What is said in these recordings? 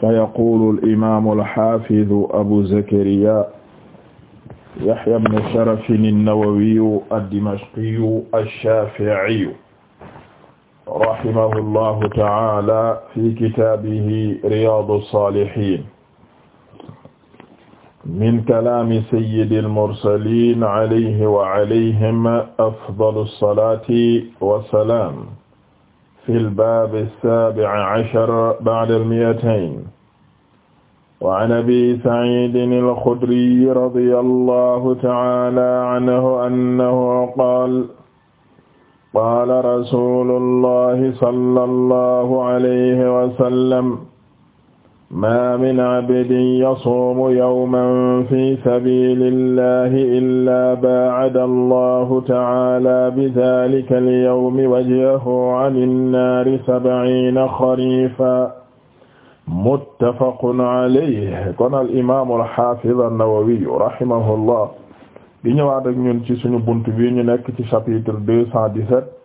fa yaqulu al-imaamu al-haafidu abu zakariyaa yahyaa ibnu sharafin an-nawawiyyu ad-dimashqiyyu ash-shaafi'iyyu rahimahu llahu ta'aala fi kitaabihi riyaadu saalihiin min kalaami sayyidi al-mursaliin alayhi wa alayhim afdalu salaati wa salaam fi al-baab as-saabi' ashar ba'da al-mi'atayn wa an abi sa'iidin al-xudri radiyallahu ta'aala anhu annahu qaala qaala rasuulullahi sallallahu alayhi wa sallam ma min abdin yasuumu yawman fi sabiilillahi illaa baacada allahu ta'aala bidaalika alyawmi wajhahu ani nnaari sabciina xariifa muttafaqun alayhi kon al imaamu alxaafiz annawawi rahimahullah di ñëwaat ak ñun ci suñu bunt bi ñu nekk ci chapitre 217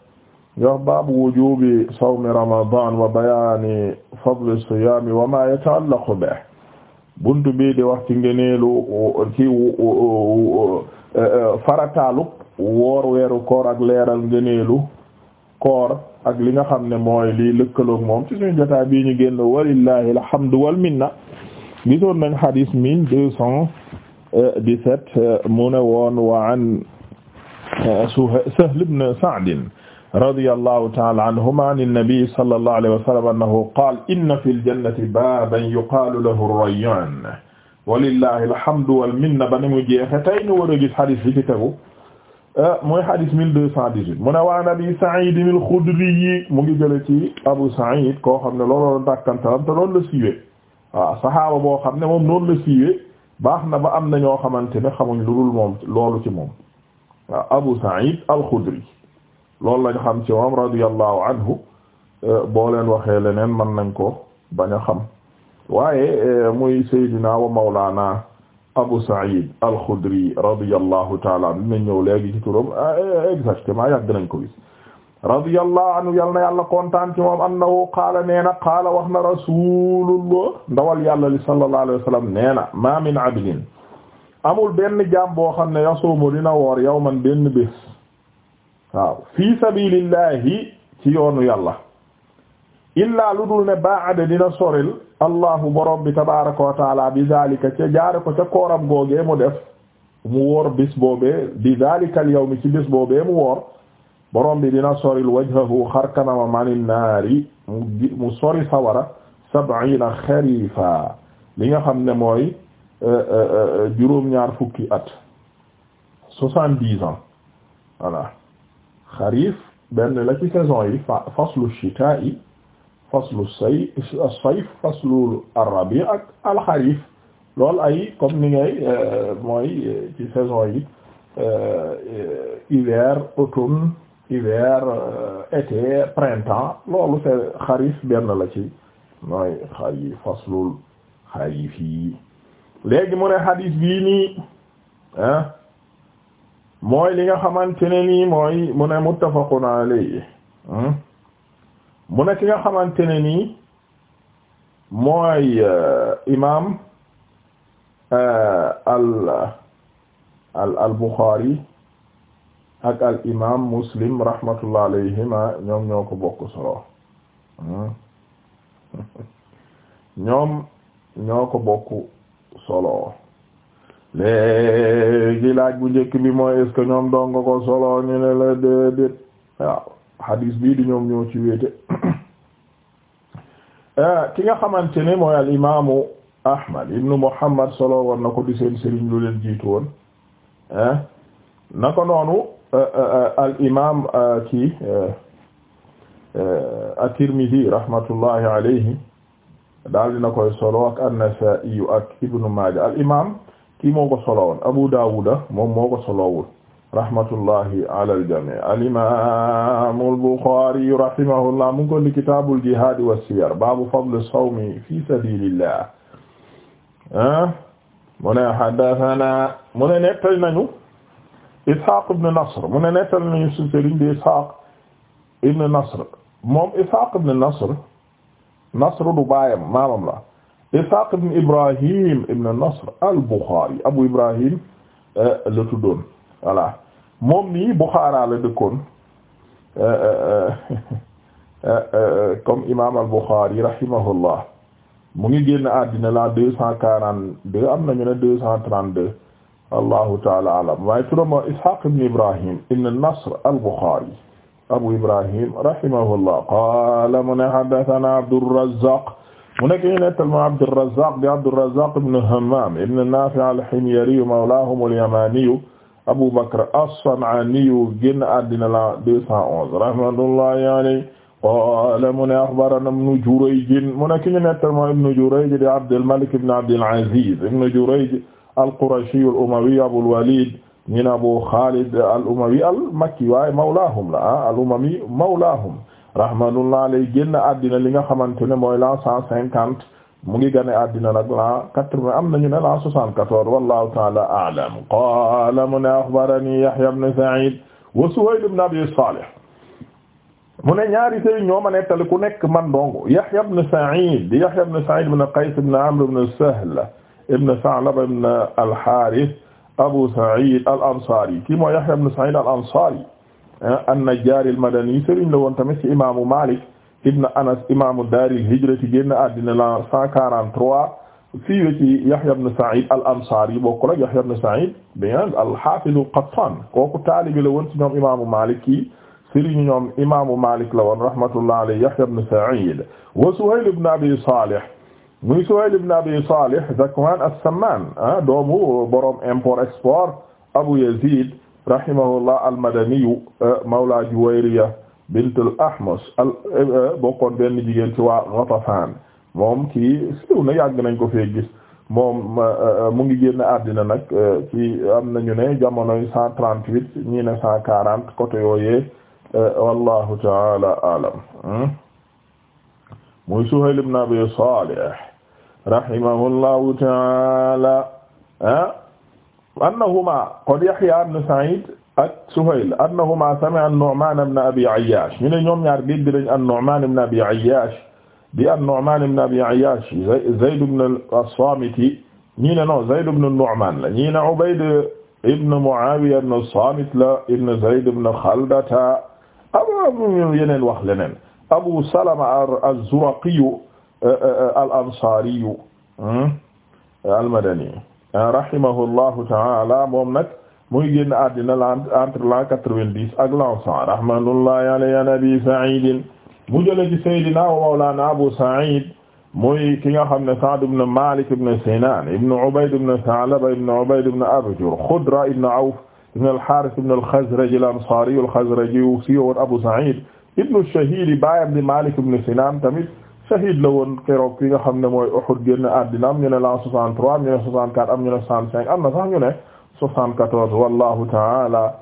yox baabu wujubi sawmi ramadan wa bayaani fadle siyaami wa ma yataallaqu bih buntu bi di wax ci ngeneelu ci farataalub woor weeru koor ak leeral ak li nga xam ne mooy lii lëkkaloog moom ci suñu jotaay bii ñu génn walillahi alhamdu wal minna gisoon nañ xadis mille deux cent dix woon wa an Sahl ibn Sa'd radiyallahu ta'ala anhuma an an-nabi sallallahu alayhi wa sallam annahu qala inna fil jannati baaban yuqalu lahu ar-rayyan walillahi alhamdu wal minna ba ni mu jeexe tey ñu war a gis xadis bi ci tegu ah, mooy xadis 1218 mu ne waan abi Sa'id al-Khudri yi mu ngi jële ci Abu Sa'id koo xam ne looloo doon dàkkantalam te loolu la siiwee waaw ah, saxaaba boo xam ne moom noonu la siiwee baax na ba am na ñoo xamante ne xamuñ lu dul moom loolu ci moom waaw ah, Abu Sa'id al-Khudri loolu lañ xam ci moom radiyallahu anhu euh, boo leen waxee leneen man nañ ko bañ a xam waaye euh, muy saydina wa mawlaana Abu Sa'id al-Khudri radiyallahu taala an dinañ ñëw léegi ci turam euh, exactement yàgg nañ ko gis radiyallahu anhu yal na yàlla kontaan ci moom annahu qaala nee na qaala wax na rasulullah yàlla li sallallahu alayhi wa sallam nee na ma min abdin amul benn jaam boo xam ne yasuumu dina woor yawman benn waaw fi sabilillahi ci yoonu yàlla illaa lu dul ne baada dina soril allahu borom bi tabaraka wa taala bi zalika ca jaare ko ca kooram googee mu def mu woor bis bi zalika al ci bis mu woor borom bi dina soril wajhahu xarkanama manin naari mu sori sawara sab'ina xarifa li nga xam ne mooy euh, euh, euh, juróom-ñaar fukki at soixante-dix ans voilà xarif benn la ci saison yi fa faslu chitaa yi faslu say sayf faslu arabi ak alxarif loolu ay comme ni ngay euh, mooy euh, ci saison yi euh, hiver automne hiver été printemps loolu c'est xarif benn la ci mooy xarif faslul xarif yi léegi mu ne xadiis bii nii ah mooy li nga xamante ne nii mooy mu ne muttafaqun alayhi hmm? mu ne ki nga xamante ne nii mooy uh, imaam uh, al al al Bukhari ak al imaam Muslim rahmatullah alayhima ñoom ñoo ko bokk solo hmm? léegi laaj bu njëkk bi mooy est ñoom donga ko solo ñu ne la déedéet waaw hadis bii di ñoom ñoo ci wéete ah, ki nga xamante ne mooy al imaamu ahmad ibnu muhammad solo war na ko di seen sëriñ lu leen jiitu woon ah, naka noonu ah, al imaam kii at-Tirmidhi rahmatullahi alayhi daal dina koy solo ak an-Nasa'i ak ibnu Maaja al imaam kii moo ko solowoon Abu Daawuda moom moo ko solowul rahmatullahi ala al-jamii al-imaam al-Buxaari rahimahullah mu ngi ko li kitaabul jihaad wa siyar baabu fadli sawmi fi sabiilillah ah, mu ne haddasanaa mu ne nettali nañu Ishaaq ibn Nasr mu ne nettali nañu si sëriñ bi Ishaaq ibn Nasr moom Ishaaq ibn Nasr Nasr du baayam maamam la Ishaq ibn Ibrahim ibn Nasr al-Bukhari Abu Ibrahim eh, la tuddoon voilà moom nii Bukhara la dëkkoon eh, eh, comme imaam al-Bukhari rahimahullah mu ngi génn àddina la deux cent quarante am nañu ne deux cent trente taala alam waaye turam moo Ishaq Ibrahim ibn Nasr al-Bukhari Abu Ibrahim rahimahullah qaala mu ne haddathana mu nekk ñu nettal moo Abdurrazzaq bi Abdurrazzaq ibn Hammam ibn Nafi' al-Himyari mawlahum al-Yamani Abu Bakr as-San'ani génn àddina la 211 rahmatullahi alayhi qaala mu ne akhbarana ibn Jurayj mu nekk ñu nettal moo ibn Jurayj di Abdul Malik ibn Abdul Aziz ibn Jurayj al-Qurashi al-Umawi Abul Walid min Abu Khalid al-Umawi al-Makki waaye mawlahum la al-Umawi mawlahum rahmatullah lay génn àddina li nga xamante ne mooy la cent cinquante mu ngi gane àddina nag la quatre-vingts am nañu ne la soixante-quatorze wallahu ta'ala a'lam qala mu ne akhbarani Yahya ibn Sa'id wa Suhayl ibn Abi Salih mu ne ñaari sëriñ ñoo ma nettali ku nekk man dong Yahya ibn Sa'id di Yahya ibn Sa'id ibn Qays ibn Amr ibn Sahl ibn Sa'laba ibn al-Harith Abu Sa'id al-Ansari kii mooy Yahya ibn Sa'id al-Ansari an-Najjar al-Madani sëriñ la woon tamit ci imaamu Malik ibn Anas imaamu daaril hijrati génn àddina la 143 fii la ci Yahya ibn Sa'id al-Ansari bokkul ak Yahya ibn Sa'id bien al-Hafiz al-Qattan kooku taalibe la woon ci ñoom imaamu Malik kii sëriñ ñoom imaamu Malik la woon rahmatullah alayhi Yahya ibn Sa'id wa Suhayl ibn Abi Salih muy Suhayl ibn Abi Salih Zakwan as-Samman ah, doomu borom import export Abu Yazid rahimahullah almadaniyu euh, mawla Juwayriya bintul Ahmas al euh, euh, bokkoon benn jigéen ci waa Ghatafan moom ci siw na yàgg nañ ko fee gis moom mu ngi génn àddina nag ci am nañu ne jamonoy cent trente huit ñii ne cent quarante côté yooyee wallahu taala alam hmm? muy Suhayl ibn Abi Salih rahimahullahu taala annahuma qad Yahya ibn Sa'id ak Suhayl annahuma sami'a an-Nu'man ibn Abi Ayyash ñu ne ñoom ñaar dégg nañ an-Nu'man ibn Abi Ayyash di an-Nu'man ibn Abi Ayyash Zayd ibn as-Samit ñii ne non Zayd ibn an-Nu'man la ñii ne Ubayd ibn Mu'awiya ibn as-Samit la ibn Zayd ibn Khaldata abu yeneen wax leneen Abu Salama az-Zuraqi euh, euh, euh, al-Ansari hmm, al-Madani rahimahullahu ta'ala moom nag muy génn àddina la entre l'an quatre-vingt-dix ak l'an cent rahmatullahi alayhi an Abi Sa'id mu jële ci Seydina wa Mawlana Abu Sa'id muy ki nga xam ne Sa'd ibn Malik ibn Sinan ibn Ubayd ibn Tha'laba ibn Ubayd ibn Abjar Khudra ibn Awf ibn al-Harith ibn al-Khazraj al-Ansari al-Khazraji siiwoon Abu Sa'id ibn Shahid baayam di Malik ibn Sinan tamit shahid la woon keroog fi nga xam ne mooy Uhud génn àddina am ñu ne la 63 am ñu ne 64 am ñu ne 65 am na sax ñu ne 74 wallahu taala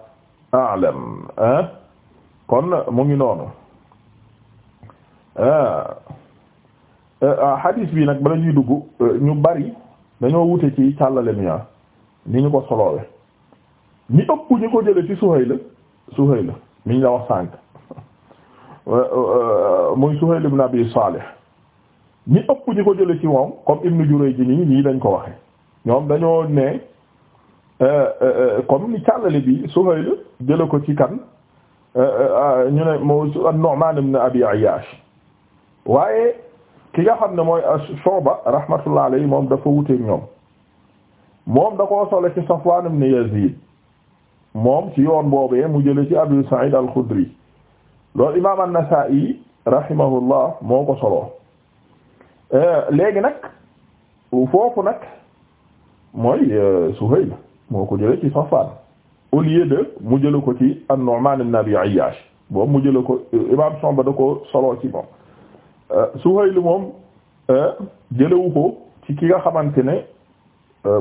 a'lam ah kon mu ngi noonu ah hadith bi nag bala ñuy dugg ñu bari dañoo wute ci càllale mi ah, ni ñu ko soloowe ñi ëpp ñu ko jële ci Suhayl Suhayl mi ñu la wax sànk muy Suhayl ibn Abi Salih ñi ëpp ñi ko jële ci moom comme Ibnu Jurayj ji nii ñii dañ ko waxe ñoom dañoo ne euh, euh, euh, comme ni càllale bi Suhayl jële ko ci kan ñu ne moo an-Nu'man ibn Abi Ayyash waaye ki nga xam ne mooy Shuba rahmatullah alayhi moom dafa wuteeg ñoom moom da koo sole ci Safwan ibn Yazid moom ci yoon boobee mu jële ci Abu Sa'id al-Khudri loolu imam an-Nasa'i rahimahullah moo ko solo Euh, léegi nag foofu nag mooy euh, Suhayl moo ko jële ci Safwan au lieu de mu jële ko ci an-Nu'man ibn Abi boobu mu jële ko euh, imam Shu'ba da ko soloo ci moom Suhayl moom jëlewu ko ci ki nga xamante ne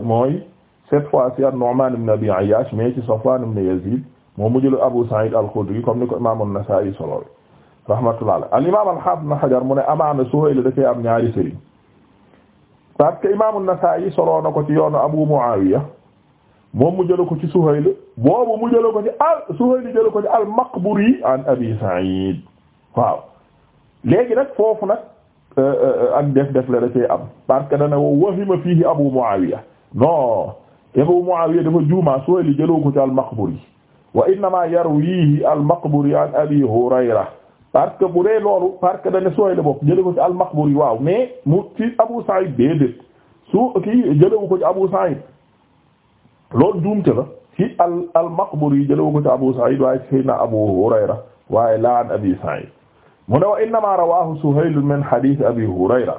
mooy cette fois-ci an-Nu'man ibn Abi Ayyash ci Safwan ibn Yazid moom mu jële Abu Sa'id al-Khudri comme ni ko imam an-Nasa'i soloo rahmatullah ala al imam al-hafiz ibn Hajar mu ne amaana Suhayl dafee am ñaari sëriñ parce que imam an-Nasa'i soloo na ko ci yoonu Abu Muawiya moom mu jëla ko ci Suhayl boobu mu jëla ko ci al Suhayl jëla ko ci al-Maqburi an Abi Sa'id waaw léegi nag foofu nag euh, euh, ak def def la dafee am parce que dana wow wahima fiihi Abu Muawiya non Abu Muawiya dafa juuma Suhayl jëloo ko ci al-Maqburi wa innama yarwihi al-Maqburi an Abi Hurayra parce que bu dee loolu parce que dane sooy la bopp jële ko ci al waaw mais mu ci Abu Sa'id déedéet su kii jëlewu ko ci Abu Sa'id loolu juumte la ci al al-Maqburi jëlewu ko ci Abu Sa'id waaye ci Sayyidina Abu Hurayra waaye la an Abi Sa'id mu ne wa innama rawahu min hadith Abi Hurayra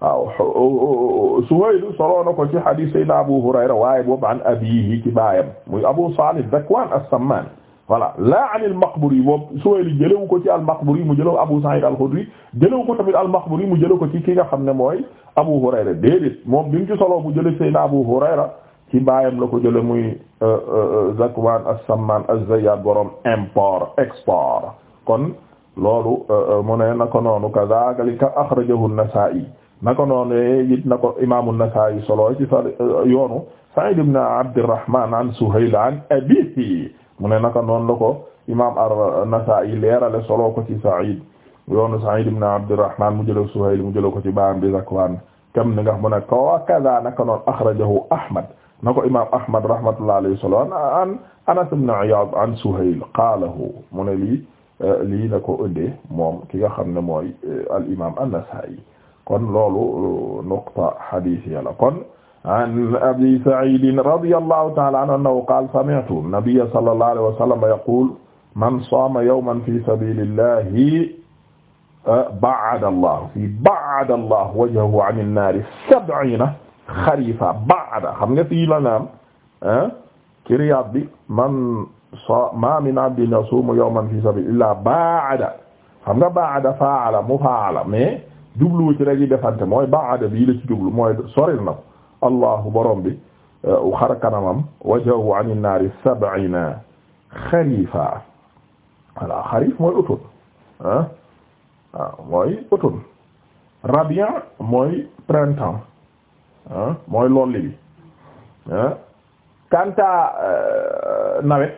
waaw Suhayl soloo na ko ci hadith Sayyidina Abu Hurayra waaye boobu an abihi ci baayam muy Abu Salih Zakwan as-Samman voilà la an al-Maqburi boobu Suhayl jëlewu ko ci al-Maqburi mu jëlew Abu Sa'id al-Khudri jëlewu ko tamit al-Maqburi mu jële ko ci ki nga xam ne mooy Abu Hurayra déedéet moom bi solo bu jële Seydina Abu Hurayra ci baayam la ko jële muy euh, euh, euh, Zakwan as-Samman az-Zayyat borom import export kon loolu mu ne nako noonu kazalika akhrajahu an-Nasa'i nako noonu it na ko imaamu an-Nasa'i solo ci sa yoonu Sa'id ibn Abd al-Rahman an Suhayl an abihi mu ne naka noonu la ko imaam an-Nasaa'i leerale solo ko ci Sa'iid yoonu Sa'iid ibn Abdurrahmaan mu jël Suhayl mu jël ko ci baam bi Zakwaan kam ni nga xam ne wa kaza naka noonu axrajahu Ahmad na ko imaam Ahmad rahmatullahi alayhi solo an Anas ibn Iyaad an Suhayl qaalahu mu ne lii lii la ko ëndee moom ki nga xam ne mooy al imaam an-Nasaa'i kon loolu nuqta hadiis ya la kon. an abi saidin radiyallahu taala anhu annahu qaala sami'tu nabiyya sallallahu alayhi wa sallam yaqul man saama yawman fi sabilillahi ba'ada allah fi ba'ada allah wajhahu 'ani an-naari sab'iina xariifa ba'ada xam nga fii la naam ah, ci Riyaad bi man sa ma min 'abdin yasuumu yawman fi sabilillah ba'ada xam nga ba'ada fa'ala mufaa'ala mais jublu ci rek yi defante mooy ba'ada bii la ci jublu mooy soril na ko allahu borom bi uh, xar kanamam wajahu an innaari sab'ina xarifa voilà xarif mooy utun ah mooy utun rabia mooy printemps ah mooy lolli bi ah kanta euh, nawet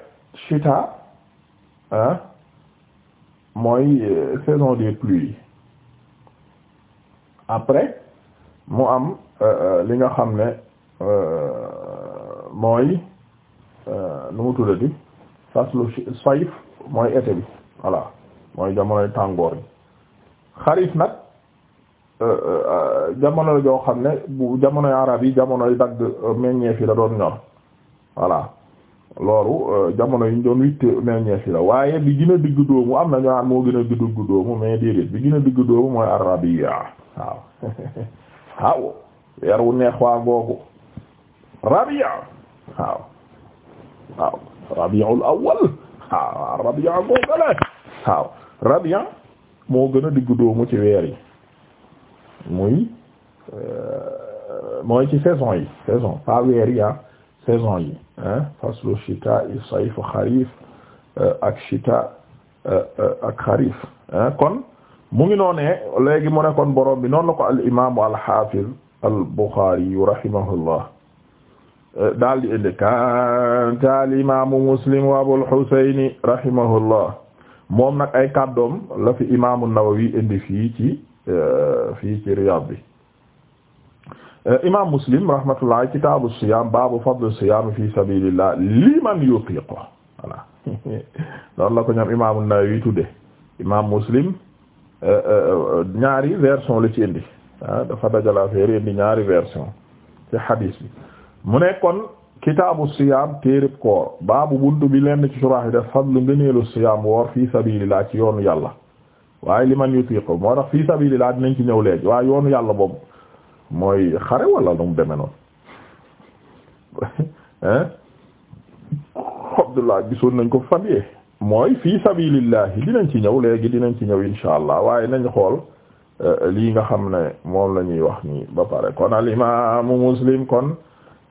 chita ah mooy euh, saison des après mu am euh, euh, li nga xam ne euh, mooy nu mu tuddati faslu sayf mooy été bi voilà mooy jamonoy tàngoor yi xarif nag jamono joo xam ne bu jamonoy arab yi jamonoy dagg meññeef yi la doon ñor voilà loolu jamono yi ñu doon witt meññeef yi la waaye bi gën a digg dóomu am na ñoo am moo gën a digg dóomu mais déedéet bi gën a digg dóomu mooy arabiya waaw waaw weer wu neex waa googu rabia waaw waaw rabiul awwal rabia googale waaw rabia moo gën a diggu doomu ci weer yi muy euh, mooy ci saison yi saison pas weer yi ah, saison yi faslu shita i sayf xarif euh, ak shita euh, ak xarif kon mu ngi noonee léegi mu ne kon borom bi noonu la ko al imaamu al xaafiz al buxaari rahimahullah eh, daal di indi kanta al imaamu muslim wa abul xusayni rahimahullah moom nag ay kàddoom la fi imaamu nawawi indi fii ci eh, fii ci riyaad bi eh, imaam muslim rahmatullah kitaabu siyaam baabu fadl siyaam fi sabiilillah liman yutiqu voilà noonu la ko ñoom imaamu nawawi tudde imaam muslim. Euh, euh, euh, ñaari version la ci indi ah dafa dajale affaire indi ñaari version ci hadis bi mu ne kon kitaabu siyaam téereb koor baabu buntu bi lenn ci suraax yi def fadlu ngëneelu siyaam woor fii sabilillah ci yoonu yàlla waaye li man yutiqu moo tax fii sabilillah dinañ ci ñëw léegi waaye yoonu yàlla boobu mooy xare wala lu mu demee noonu eh? Abdullah gisoon nañ ko fan yee mooy fii sabilillahi dinañ ci ñëw léegi dinañ ci ñëw insha allah waaye nañ xool euh, lii nga xam ne moom la ñuy wax nii ba pare kon al imaamu muslim kon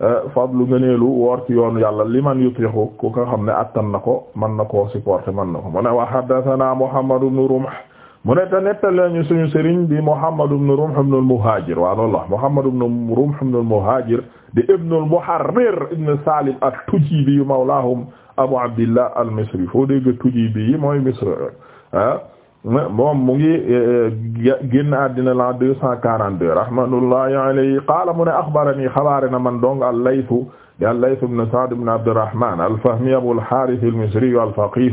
euh, fadlu ngëneelu woor ci yoonu yàlla liman yutiqu ku nga xam ne attan na ko mën na koo supporter mën na ko mu ne wa haddathana muhammad ibn rumh mu ne te nettal suñu sëriñ bi muhammad ibn rumh ibn al muhajir wa Allah muhammad ibn rumh ibn al muhajir di ibn al muharrir ibn salim at-tujibi Abu Abdillah al-Misri foo dégg Tujibi yi mooy Misr ah moom mu ngi eh, eh, génn àddina la deux cent quarante-deux rahmatullahi alayhi qaala mu ne axbarani xabaare na man dong al-Laythu al-Layth ibn Sa'd ibn Abdurrahman al-Fahmi Abu al-Harith al-Misri al-faqih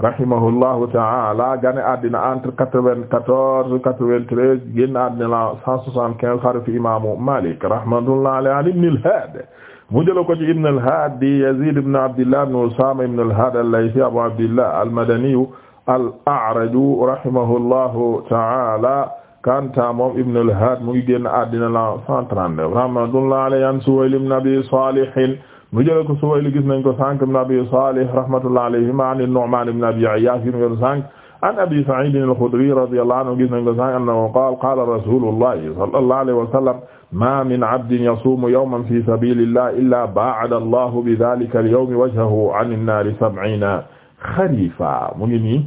rahimahullahu ta'ala gane àddina entre quatre-vingt-quatorze quatre-vingt-treize génn àddina la cent soixante-quinze xaritu imaamu Malik rahmatullahi alayhi ibn al-Had mu jëla ko ci ibn al-Hadi Yazid ibn Abdillah ibn Usama ibn al-Hadi al-Laythi Abu Abdillah al-Madani al-A'raj rahimahullahu ta'ala kanta moom ibn al-Hadi mu ngi génn àddina la 139 rahmatullahi alayhi an Suhayl ibn Abi Salih mu jëla ko Suhayl gis nañ ko sànq ibn Abi Salih rahmatullahi alayhi ma an an-Nu'man ibn Abi Ayyash an abi Sa'id al-Khudri radiyallahu anhu gis nañ ko sànq annahu qaala qaala rasuulullahi sallallahu alayhi wa sallam ma min abdin yasuumu yawman fi sabiilillahi illaa baa'ada allahu bi dhaalika al-yawmi wajhahu ani n-naari sab'iina xariifa mu ngi nii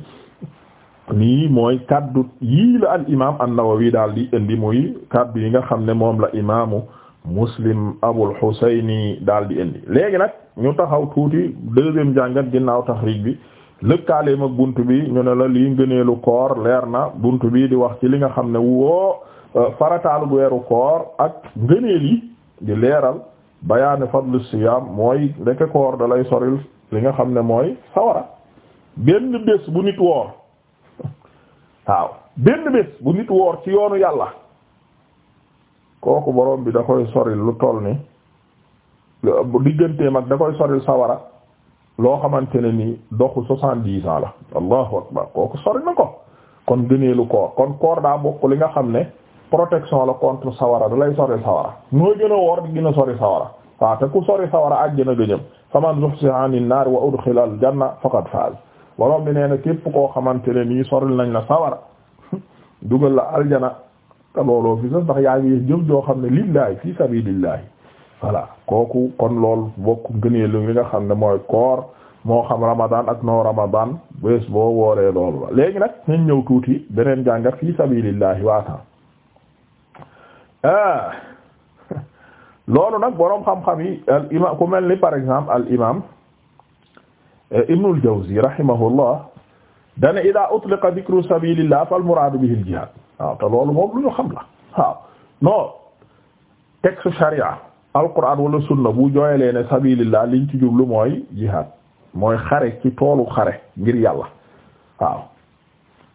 nii mooy kaddu yii la al imaam an-Nawawi daal di indi muy kaddu yi nga xam ne moom la imaamu Muslim Abul Husayni daal di indi léegi nag ñu taxaw tuuti deuxième jàngat ginnaaw taxriij bi. lëkkaaleem ak bunt bi ñu ne la lii ngëneelu koor leer na bunt bii di wax ci li nga xam ne woo euh, farataalu bu weeru koor ak ngëneel yi di leeral bayaani fadlu siyaam mooy ndeke koor da soril li nga xam ne mooy sawara benn bés bu nit woor waaw benn bés bu nit woor ci yoonu yàlla kooku borom bi da koy soril lu toll ni digganteem ak da koy soril sawara loo xamante ne ni doxu soixante-dix ans la allahu akbar kooku sori na ko kon gëneelu koor kon koor daa bokk li nga xam ne protection la contre sawara da lay sori sawara mooy gën a woor di gën a sori sawara waaw te ku sori sawara àjjana gëjëm faman zuhziha anin naar wa udxila al janna faqad faaz borom bi nee képp koo xamante ne nii soril nañ la sawara dugal la aljana te looloo fi sax ndax yaa jëf joo xam ne lillahi fi sabilillahi voilà kooku kon lool bokk gëneelu li nga xam ne mooy koor moo xam ramadan ak noo ramadan bés boo wooree loolu la léegi nag nañ ñëw tuuti beneen jàngat fi sabilillahi waatan ah. loolu nag boroom xam-xam yi al ku mel ni par exemple alimam imam eh, ibnul jawzi rahimahullah dana ida utliqa dhikru sabilillah fal muraadu bihi al jihad waaw ah, te loolu moom xam la waaw ah. non texte alquran wala sunna bu jooyalee ne sabilillah liñ ci jublu mooy jihad mooy xare ci toolu xare ngir yàlla waaw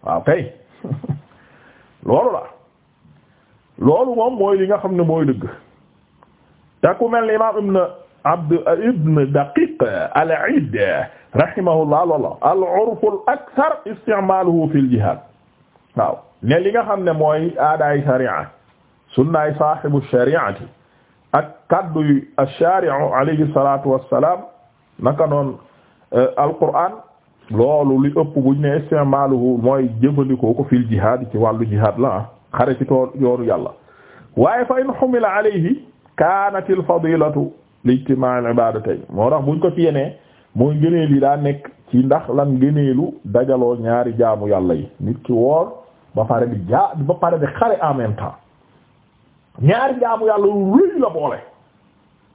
waaw kay loolu la loolu moom mooy li nga xam ne mooy dëgg te ku mel ni imaam ibn abd ibn daqiq al-iid rahimahullah loola al-urf al-akthar isticmaaluhu fi al-jihad waaw ne li nga xam ne mooy aadaay sharia sunnaay saahibu shariati ak kaddu yu ash-shari'u alayhi salatu naka noon euh, alquran loolu li ëpp buñ ne istimaluhu mooy jëfandikoo ko fil jihad ci wàllu jihad la ah, xare ci tool yoonu yàlla waaye fa in xumila alayhi kanat al fadilatu li ijtima' al ibadatayn moo tax buñ ko nekk ci ndax lan ngëneelu dajaloo ñaari jaamu yàlla yi nit woor ba pare di jaa ba pare di xare en ñaari jaamu yàlla rëy la boole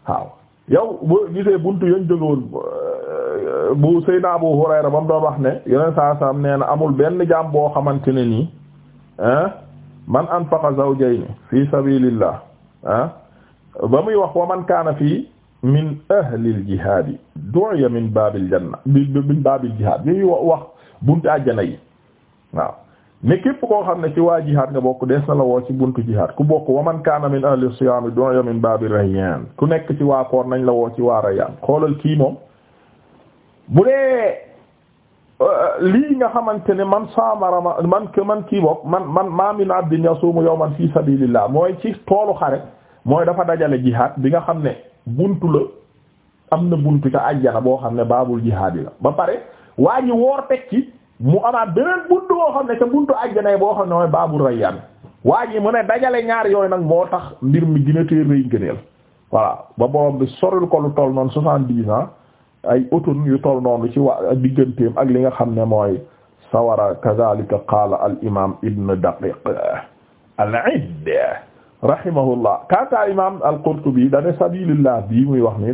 waaw yow boo gisee buntu yañ euh, bu Seydina Abu Hurayra ba doon wax ne yeneen saa saam nee amul benn jaam boo xamante ne nii man anfaqa zawjayni fi sabilillah ba muy wax wa man kaana fii min ahlil jihaadi du'iya min baabil janna min baabil jihaad bi wax buntu àjjana yi waaw ne képp koo xam ne ci waa jihaad nga bokk dees na la woo ci buntu jihaad ku bokk wa man kaana min ahli siyaam du'a min ku nekk ci waa koor nañ la woo ci waa rayyan xoolal kii moom bu dee euh, lii nga xamante ne man saama rama man man kii bokk man man ma min abdin yasuumu yawman fi sabilillah mooy ci toolu xare mooy dafa dajale jihaad bi nga xam ne buntu la am na buntu ca àjjana boo xam ne baabul jihaad yi la ba pare waa ji woor tekki mu amaat beneen bunt boo xam ne ca buntu àjjana boo xam ne mooy baabu rayyaan waa ji mu ne dajale ñaar yooyu nag moo tax mbir mi gën a teel rëy gëneel voilà ba borom bi soril ko lu toll noon soixante-dix ans ay auton yu tol toll noonu ci waa digganteem ak li nga xam ne mooy sawara kadhalika qaala al imam ibn daqiq al iid rahimahullah kanta imam al qurtubi dane sabilillah bii muy wax ni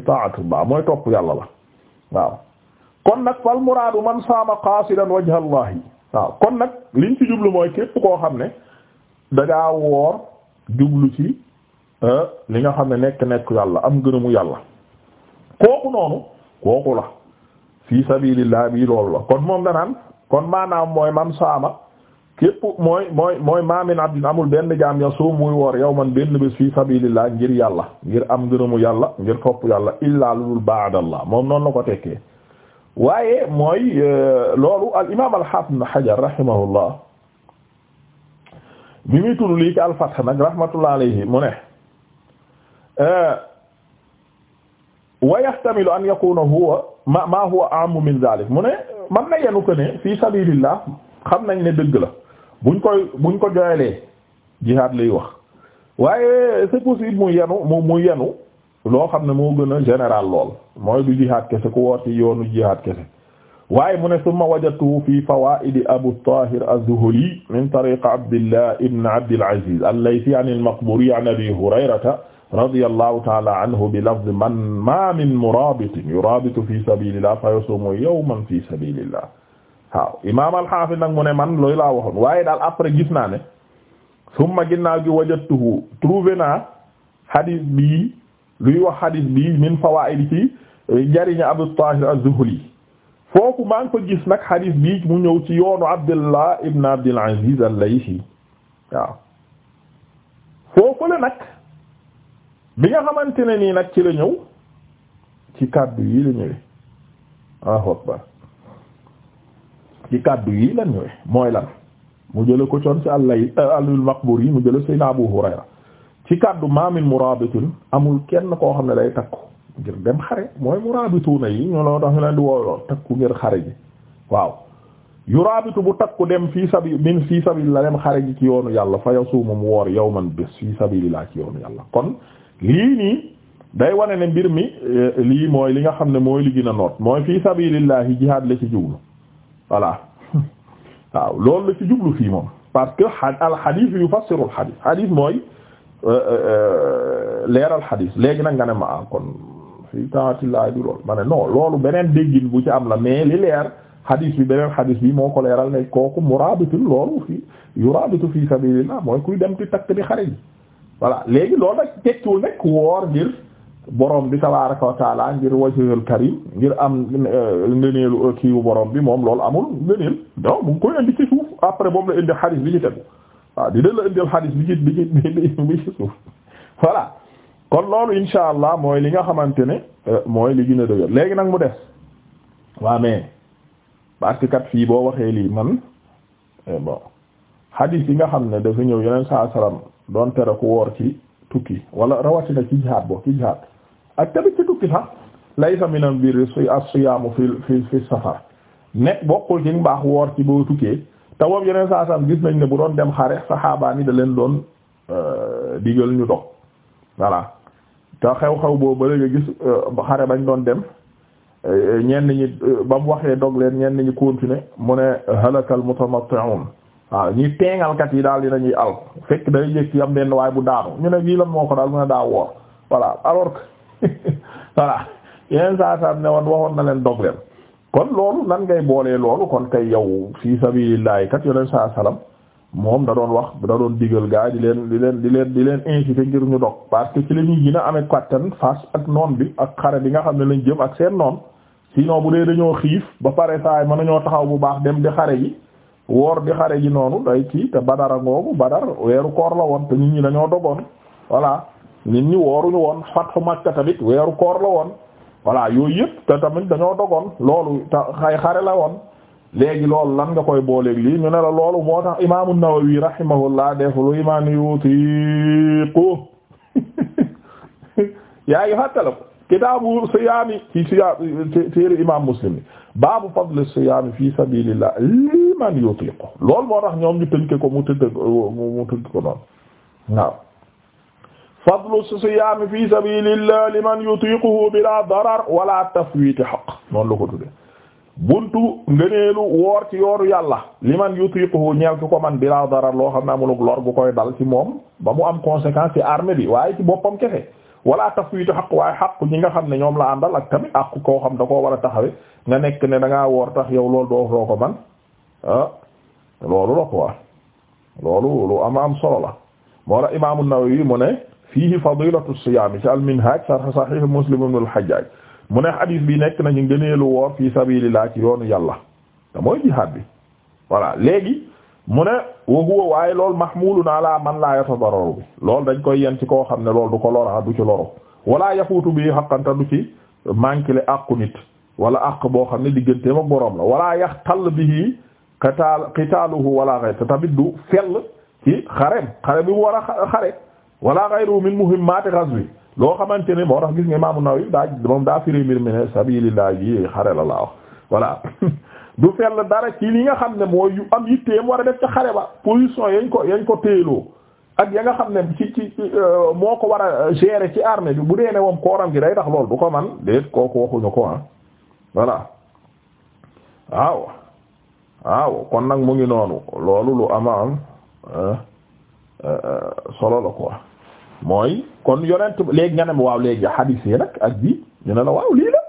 ba mooy topp yàlla la waaw kon nag fal muraadu man saama qaasidan wajha allah waaw kon nag liñ ci jublu mooy képp koo xam ne dangaa woor jublu ci euh, li nga xam ne nekk nekk yàlla am gënumu yàlla kooku noonu kooku la fi sabilillah bi loolu la kon moom danaan kon maanaam mooy man saama képp mooy mooy mooy maamin abdin amul benn jaam ya soo muy woor yow man benn bés fii sabilillah ngir yàlla ngir am gënumu yàlla ngir topp yàlla illaa ludul baadallah moom noonu la ko tekkee waaye mooy euh, loolu al imaam al haafiz ibn hajar rahimahullah bi muy tudd lii ci al fath nag mu ne euh, wa yahtamilu an yakuna huwa ma ma huwa aamu min zalik mu ne man na yenu ko fi sabilillah xam nañ ne dëgg la buñ koy buñ ko jooyalee jihaad lay wax waaye c'est possible mu yenu yenu loo xam ne moo gën a général lool mooy du jihaad kese ku woor ci yoonu jihaad kese waaye mu ne summa wajadtuhu fi fawaa'idi Abu Tahir az-Zuhli min tariq Abdillah ibn Abdil Aziz al-Laythi an al-Maqburi an Abi Hurayrata radiyallahu ta'ala anhu bi lafz man ma min murabitin yurabitu fi sabilillah fa yasumu yawman fi sabilillah waaw imaam al-Hafiz nag mu ne man looy laa waxoon waaye daal après gis naa ne summa ginnaaw gi wajadtuhu trouvé naa hadith bi li wax xadis bi min fawaa'idi ci eh, jariñ Abu Tahir az-Zuhli foofu maa ngi ko gis nag xadis bi mu ñëw ci yoonu Abdullah ibn Abdul Aziz al-Laythi waaw foofu la nag bi nga xamante ne nii nag ci la ñëw ci kàddu yi la ñëwee Allahu akbar ci kàddu yi la ñëwee mooy lan mu jële ko coon ci Allah yi eh, al-Maqburi mu jële Seydina Abu Hurayra ci kàddu maamin murabitun amul kenn koo xam ne day takku ngir dem xare mooy murabituna yi ñoo loo tax ñu leen di wooylool takku ngir xare ji waaw yurabitu bu takku dem fii sabi min fii sabilillah dem xare ji ci yoonu yàlla fa yasuumu mu woor yawman bés fii sabilillah ci yoonu yàlla kon lii nii day wane ne mbir mi eh, lii mooy li nga xam ne mooy li a noot mooy fii sabilillahi jihaad la ci jublu voilà waaw loolu la ci jublu fii moom parce que al Euh, euh, euh, leeral xadiis léegi nag nga ne ma ah kon fii taatillaay du lool ma ne non loolu beneen déggin bu ci am la mais li leer xadiis bi beneen xadiis bi moo ko leeral ne kooku muraabitul loolu fii yuraabitu fii sabilillah mooy kuy dem ci takk di xare ji voilà léegi loolu nag tekkiwul nekk woor ngir borom bi tabaaraka wa taala ngir wajhul karim ngir am ngëneelu kiiwu borom bi moom loolu amul ngëneel donc mu ngi indi ci suuf après boobu la indi xadiis bi ci tegu waa dina la indil xadis bi ci bi ci bi ci suuf voilà kon loolu insha allah mooy li nga xamante ne euh, mooy li gën a dëgër léegi nag mu des waa mais parce kat fii boo waxee lii man eh, bon xadis yi nga xam ne dafa ñëw yeneen saa salaam doon tere ku woor ci tukki wala rawatina ci jihaad bo ci jihaad ak tamit ci tukki sax laysa minal birri as-siyaamu fi fi fi safar nekk bokkul ci mbaax woor ci boo tukkee te tawam yeneen saa saam gis nañ ne bu doon dem xare saxaabaa ni da leen doon euh, digal ñu dox voilà te xew-xew boobu ba nga gis euh, xare bañ doon dem euh, ñenn ñi ba mu waxee dog leen ñenn ñi continuer mu ne halakal mutamatti'un waaw ñi teengalkat yi daal dinañuy al fekk day yëg ci am benn waaye bu daanu ñu ne lii la moo ko daal mu ne daa woor voilà alors que voilà yeneen saa saam ne woon waxoon na leen dog leen. kon loolu nan ngay boolee loolu kon kay yow fi sabilillahi kat yoneen saa salaam moom da doon wax da doon digal gaa di leen di leen di leen di leen inciter ngir ñu dog parce que ci la ñuy gën a amee kattan face ak noon bi ak xare bi nga xam ne lañ jëm ak seen noon sinon bu dee dañoo xiif ba pare saay mën nañoo taxaw bu baax dem di xare yi woor di xare ji noonu day kii te badara ngoogu badar weeru koor la woon te nit ñi dañoo dogoon voilà nit ñi wooruñu woon fatxu Makka tamit weeru koor la woon voilà yooyu yëpp te tamit dañoo dogoon loolu te xay xare la woon léegi loolu lan nga koy booleeg lii ñu ne la loolu moo tax imaamu Nawawi rahimahullah def lu imaam yutiqu yaa ngi fàttale ko kitaabu siyaami ci siyaam téere imam Muslim baabu fadl siyaami fi sabilillah liman yutiqu loolu moo tax ñoom ñu tënk ko mu tënk mu ko noonu fadlu siyaam fi sabilillah liman yutiquhu bila darar wala tafwiti haqq noonu la ko tudde buntu ngëneelu woor ci yooru yàlla liman yutiquhu ñeel ki ko man bila darar loo xam ne amulug lor bu koy dal ci moom ba mu am conséquence ci armée bi waaye ci boppam kese wala tafwitu xaq waaye xaq ñi nga xam ne ñoom la àndal ak tamit ak koo xam da ko war a taxawe nga nekk ne danga woor tax yow loolu doo ko man ah loolu loolu lu am am solo la fiihi fadilatu siyaam ci al-Minhaaj sharh Sahih Muslim ibn al-Hajjaaj mu ne hadis bi nekk nañu gëneelu woor fi sabilillah ci yoonu yàlla te mooy jihaad bi voilà léegi mu ne wa huwa waaye loolu mahmulun ala man laa yatadarraru bi loolu dañ koy yen ci koo xam ne loolu du ko lora du ci loro wala yafuutu bi xaqanta du ci manquele àqu nit wala àq boo xam ne digganteem ak boroom la wala yaxtal bihi qitaal qitaaluhu wala ghayr te du fell ci a wala ghayru maat muhimmaati ghazwi loo xamante ne moo tax gis nga Imaam An-Nawawi daa moom daa firi mbir mi ne sabilillah yi xare la laa wax du fell dara ci li nga xam ne moo yu am yitteem war a def ca xare ba position yañ ko yañ ko téeloo ak ya nga xam ne ci ci euh, moo ko war a gérer ci armée bi bu dee ne moom kooram gi day tax lool du ko man déet kooku waxuñu ko ah voilà waaw waaw kon nag mu ngi noonu loolu lu ama am euh, euh, solo la quoi mooy kon yonent léegi nga ne ma waaw léegi hadis yi ak bii ñu ne la waaw lii la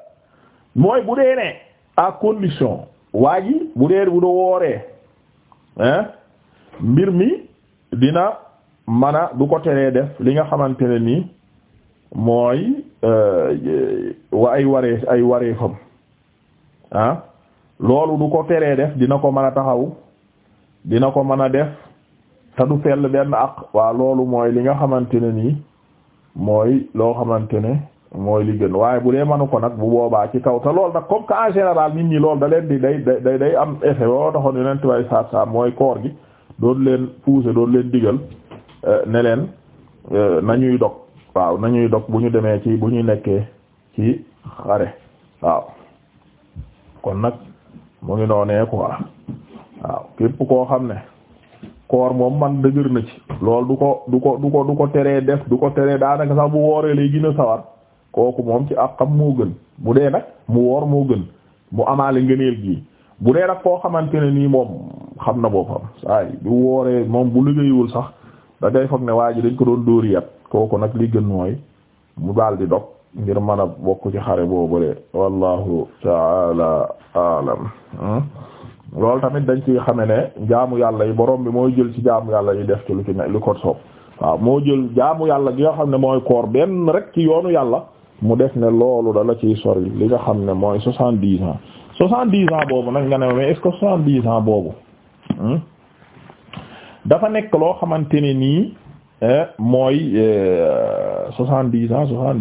mooy bu dee ne à condition waa ji bu dee bu da wooree hein mbir mi dina man du ko teree def li nga xamante ne nii mooy wa euh, ay waree ay wareefam ah loolu du ko teree def dina ko mën a taxaw dina ko mën a def te du fell benn ak waa loolu mooy li nga xamante ne nii mooy loo xamante ne mooy li gën waaye bu dee manu ko nag bu boobaa ci kaw te loolu nag comme que en général nit ñi loolu da leen di day day day am effet yoo taxoon yeneen tubaab saab saab mooy koor gi doon leen pousser doon leen digal euh, ne leen euh, nañuy dog waaw nañuy dog bu ñu demee ci bu ñu nekkee ci xare waaw kon nag mu ngi noonee quoi waaw képp koo xam ne. koor moom man dëgër na ci lool du ko du ko du ko du ko teree def du ko teree daanaka sax bu wooree lay gën a sawar kooku moom ci àqam moo gën bu dee nag mu woor moo gën mu amaale ngëneel gi bu dee nag koo xamante ne nii moom xam na boppam saay bu wooree moom bu liggéeyul sax da ngay foog ne waa ji dañ ko doon dóori yat kooku nag li gën mooy mu daal di dog ngir mën a bokk ci xare boobu de wallahu taala loolu tamit dañ ci xame ne jaamu yàlla yi boroom bi mooy jël ci jaamu yàlla yi def ci lu ci ne lu ko soob waaw moo jël jaamu yàlla gi nga xam ne mooy koor benn rek ci yoonu yàlla mu def ne loolu dala ciy sori li nga xam ne mooy soixante dix ans soixante dix ans boobu nag nga ne mais est-ce que hmm? nekk loo xamante ne nii eh, mooy eh, soixante dix ans la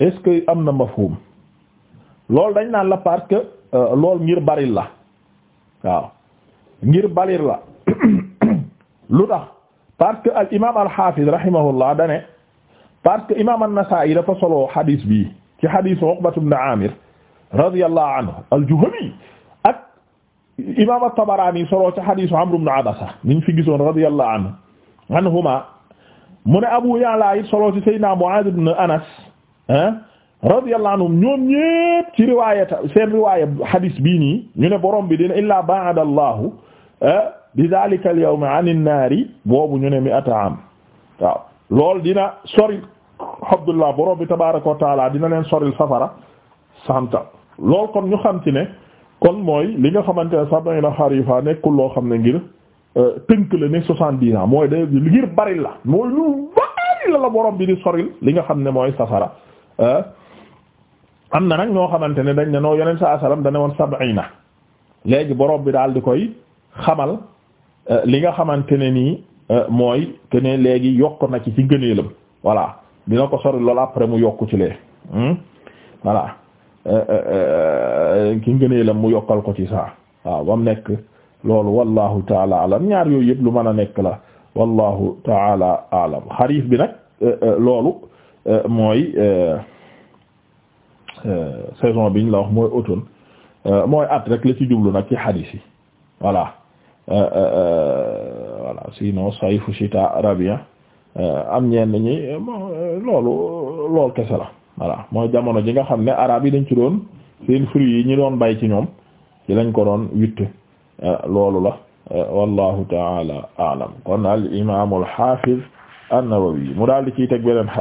est-ce am na mafhum loolu dañ naan la parce Euh, lool ngir baril la waaw ngir baril la lu tax parce que al imaam al hafiz rahimahullah dane parce que imaam an-Nasa'i dafa solo hadis bi ci hadisu Uqbatu ibn Amir radiyallahu anhu al-Juhani ak imaam at-Tabarani solo ci hadisu Amr ibn Abasa niñ fi gisoon radiyallahu anhu anhuma mu ne Abu Ya'la it solo ci Sayyidina Mu'adh ibn Anas radiyallahu anhum ñoom ñépp ci riwaaya seen riwaaya hadis bii nii ñu ne borom bi dina illaa ba'ada allahu eh, bi dhalika al-yawm an an-naari boobu ñu ne mi'ata am lool dina sori Abdullah borom bi tabaaraka wa taala dina leen soril safara santa lool kon ñu xam ci ne kon mooy li nga xamante ne sab'iina xariifa nekkul loo xam ne ngir eh, tënk la ne soixante-dix ans mooy day ngir bari la mooy lu bari la la borom bi di soril li nga xam ne mooy safara eh. am na nag ñoo xamante ne dañ ne yeneen sa saa salaam da ne woon sab'ina léegi borom bi daal di koy xamal euh, li nga xamante ne nii euh, mooy que léegi yokk na ci ci gëneelam voilà dina ko sori loolu après mu yokku ci lee hmm? voilà euh, ki ngëneelam mu yokkal ko ci saa waaw ba mu nekk loolu wallahu taala alam ñaar yooyu yëpp lu mën a nekk la wallahu taala alam xariif bi nag loolu mooy Euh, saison biñ la wax mooy automne euh, mooy at rek la ci jublu nag ci xadis yi voilà euh, voilà sinon sayfu shita rabia am ñenn ñi loolu loolu kese la voilà mooy jamono ji nga xam ne arab yi dañ ci doon seen fruits yi ñu doon bay ci ñoom ci lañ ko doon witt loolu la wallahu taala alam kon al imaam al hafiz an-Nawawi mu daal di ciy teg beneen